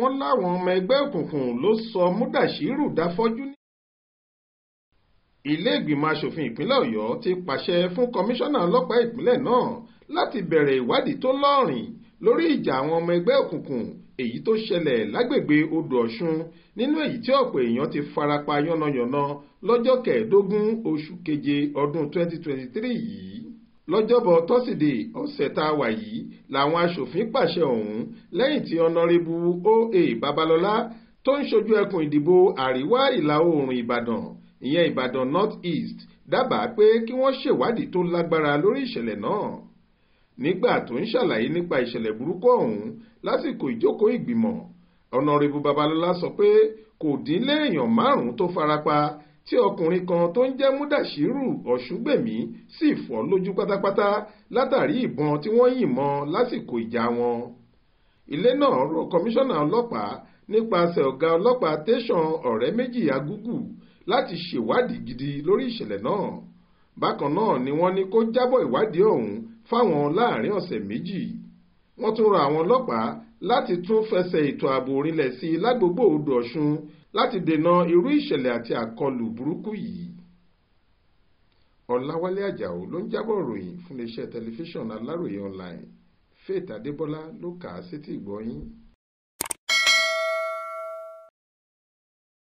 wọ́n láwọn ọmọ ẹgbẹ́ òkùnkùn ló sọ Mudashiru dáfọ́jú ní. ilé ìgbìmọ̀ asòfin ìpínlẹ̀ Ọ̀yọ́ ti pàṣẹ fún kọmíṣánná ọlọ́pàá ìpínlẹ̀ náà láti bẹ̀rẹ̀ ìwádìí tó lọ́rìn lórí ìjà àwọn ọmọ ẹgbẹ́ òkùnkùn èyí tó ṣẹlẹ̀ lágbègbè odò Ọ̀ṣun nínú èyí tí ọ̀pọ̀ èèyàn ti farapa yánnayànna lọ́jọ́ kẹẹ̀ẹ́dógún oṣù keje ọdún 2023 yìí lọ́jọ́bọ̀ tọ́sídẹ̀ẹ́ ọ̀sẹ̀ tá a wà yìí làwọn aṣòfin pàṣẹ ọ̀hún lẹ́yìn tí ọ̀nàrẹ́bù oa babalọ́lá tó ń ṣojú ẹkùn ìdìbò àríwá ìlà oòrùn ìbàdàn ìyẹn ìbàdàn north east dábàá pé kí wọ́n ṣèwádìí tó lágbára lórí ìṣẹ̀lẹ̀ náà nígbà tó ń ṣàlàyé nípa ìṣẹ̀lẹ̀ burúkú ọ̀hún lásìkò ìjókòó ìgbìmọ̀ ọ̀nàrẹ́bù babalọ́lá sọ pé kò dín léèyàn márùn-ún tó farapa tí ọkùnrin kan tó ń jẹ́ múdàṣírù ọ̀ṣúgbèmí sì fọ́ lójú pátápátá látàrí ìbọn tí wọ́n yìn mọ́ lásìkò ìjà wọn. ilé náà rọ kọmíṣánná ọlọ́pàá nípasẹ̀ ọ̀gá ọlọ́pàá tẹ̀sán ọ̀rẹ́ méjì agúgù láti ṣèwádìí gidi lórí ìṣẹ̀lẹ̀ náà. bákan náà ni wọ́n ní kó jábọ̀ ìwádìí ọ̀hún fáwọn láàrin ọ̀sẹ̀ méjì wọ́n tún rọ àwọn ọlọ́pàá láti tún fẹsẹ̀ ètò ààbò rinlẹ̀ sí i lágbègbè odò ọ̀ṣun láti dènà irú ìṣẹ̀lẹ̀ àti àkọlù burúkú yìí. ọ̀làwálé ajáò ló ń jábọ̀ ròyìn fún iléeṣẹ́ tẹlifíṣàn aláròye online faith adébọlá ló kà á sétí ìgbọ́